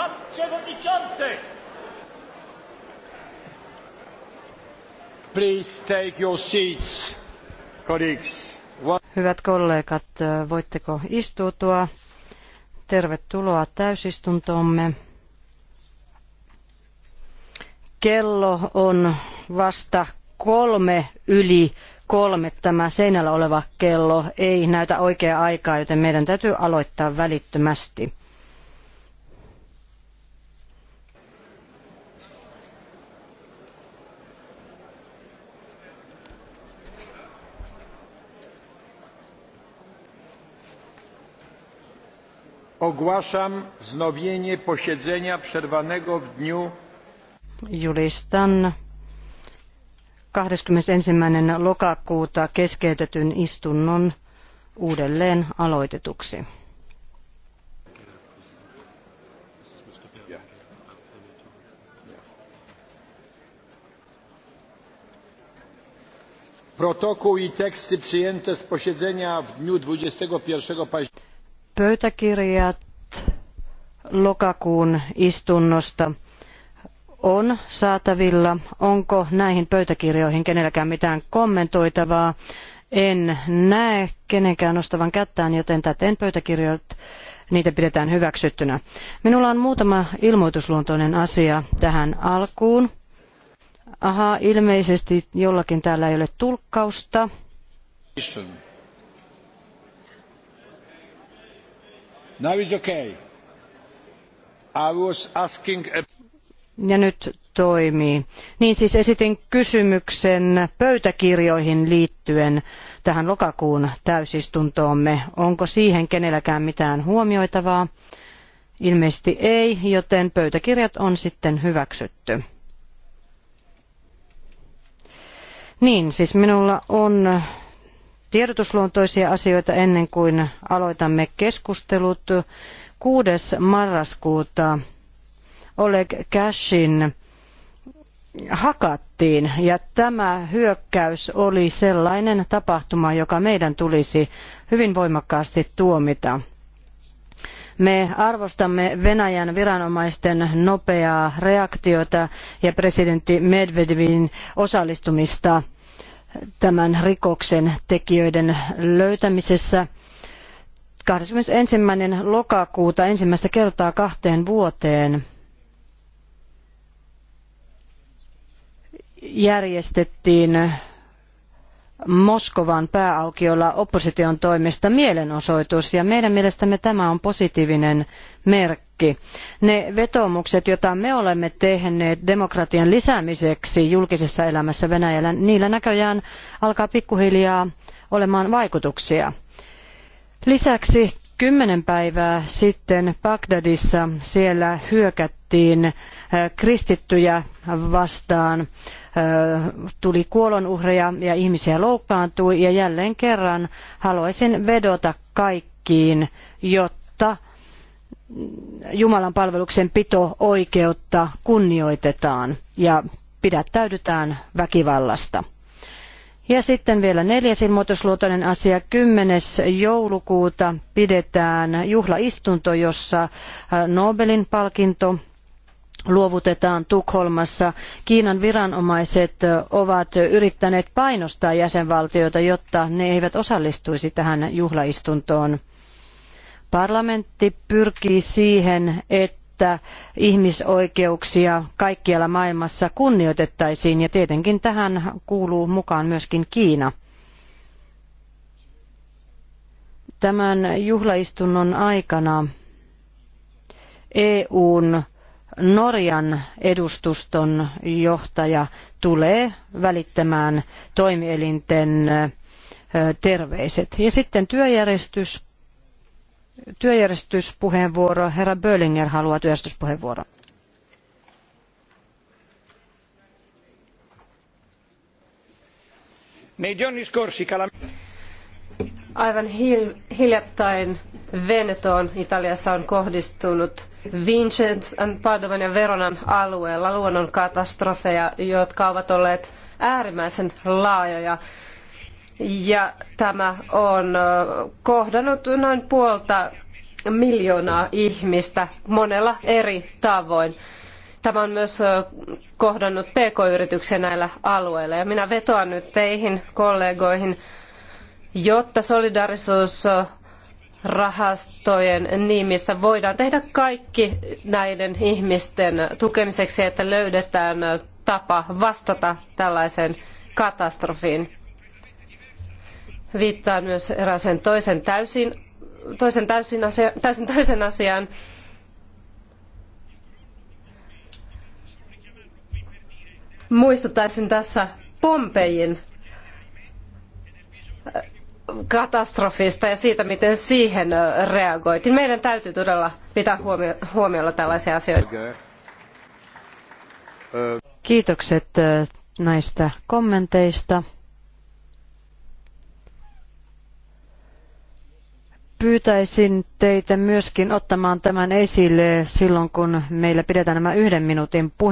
Pan Przewodniczący! Please take your seats, colleagues. Hyvät kollegat, voitteko istuutua? Tervetuloa täysistuntoomme. Kello on vasta kolme yli kolme tämä seinällä oleva kello ei näytä oikeaa aikaa, joten meidän täytyy aloittaa välittömästi. Ogłaszam wznowienie posiedzenia przerwanego w dniu Julistan 21. lokakuuta keskeytetyn istunnon uudelleen aloitetuksi. Protokół i teksty przyjęte z posiedzenia w dniu 21 października Pöytäkirjat lokakuun istunnosta on saatavilla. Onko näihin pöytäkirjoihin kenelläkään mitään kommentoitavaa? En näe kenenkään nostavan kättään, joten täten pöytäkirjat niitä pidetään hyväksyttynä. Minulla on muutama ilmoitusluontoinen asia tähän alkuun. Aha, ilmeisesti jollakin täällä ei ole tulkkausta. Istunut. Ja nyt toimii. Niin siis esitin kysymyksen pöytäkirjoihin liittyen tähän lokakuun täysistuntoomme. Onko siihen kenelläkään mitään huomioitavaa? Ilmeisesti ei, joten pöytäkirjat on sitten hyväksytty. Niin, siis minulla on tiedotusluontoisia asioita ennen kuin aloitamme keskustelut. 6. marraskuuta Oleg Cashin hakattiin ja tämä hyökkäys oli sellainen tapahtuma, joka meidän tulisi hyvin voimakkaasti tuomita. Me arvostamme Venäjän viranomaisten nopeaa reaktiota ja presidentti Medvedevin osallistumista tämän rikoksen tekijöiden löytämisessä. 21. lokakuuta ensimmäistä kertaa kahteen vuoteen järjestettiin Moskovan pääaukiolla opposition toimesta mielenosoitus ja meidän mielestämme tämä on positiivinen merkki. Ne vetoomukset, joita me olemme tehneet demokratian lisäämiseksi julkisessa elämässä Venäjällä, niillä näköjään alkaa pikkuhiljaa olemaan vaikutuksia. Lisäksi Kymmenen päivää sitten Bagdadissa siellä hyökättiin äh, kristittyjä vastaan. Äh, tuli kuolonuhreja ja ihmisiä loukkaantui ja jälleen kerran haluaisin vedota kaikkiin, jotta Jumalan palveluksen pito oikeutta kunnioitetaan ja pidättäydytään väkivallasta. Ja sitten vielä neljäs ilmoitusluotoinen asia. 10. joulukuuta pidetään juhlaistunto, jossa äh, Nobelin palkinto luovutetaan Tukholmassa. Kiinan viranomaiset äh, ovat yrittäneet painostaa jäsenvaltioita, jotta ne eivät osallistuisi tähän juhlaistuntoon. Parlamentti pyrkii siihen, että että ihmisoikeuksia kaikkialla maailmassa kunnioitettaisiin ja tietenkin tähän kuuluu mukaan myöskin Kiina. Tämän juhlaistunnon aikana EUn Norjan edustuston johtaja tulee välittämään toimielinten terveiset. Ja sitten työjärjestys työjärjestyspuheenvuoro. Herra Böllinger haluaa työjärjestyspuheenvuoron. Aivan hil- hiljattain Venetoon Italiassa on kohdistunut Vincenzo, Padovan ja Veronan alueella luonnonkatastrofeja, jotka ovat olleet äärimmäisen laajoja ja tämä on kohdannut noin puolta miljoonaa ihmistä monella eri tavoin. Tämä on myös kohdannut pk-yrityksiä näillä alueilla ja minä vetoan nyt teihin kollegoihin, jotta solidarisuus nimissä voidaan tehdä kaikki näiden ihmisten tukemiseksi, että löydetään tapa vastata tällaiseen katastrofiin viittaa myös erääseen toisen täysin, toisen täysin, asia, täysin toisen asiaan. Muistuttaisin tässä Pompejin äh, katastrofista ja siitä, miten siihen äh, reagoitiin. Meidän täytyy todella pitää huomiolla tällaisia asioita. Kiitokset äh, näistä kommenteista. Pyytäisin teitä myöskin ottamaan tämän esille silloin, kun meillä pidetään nämä yhden minuutin puheenvuorot.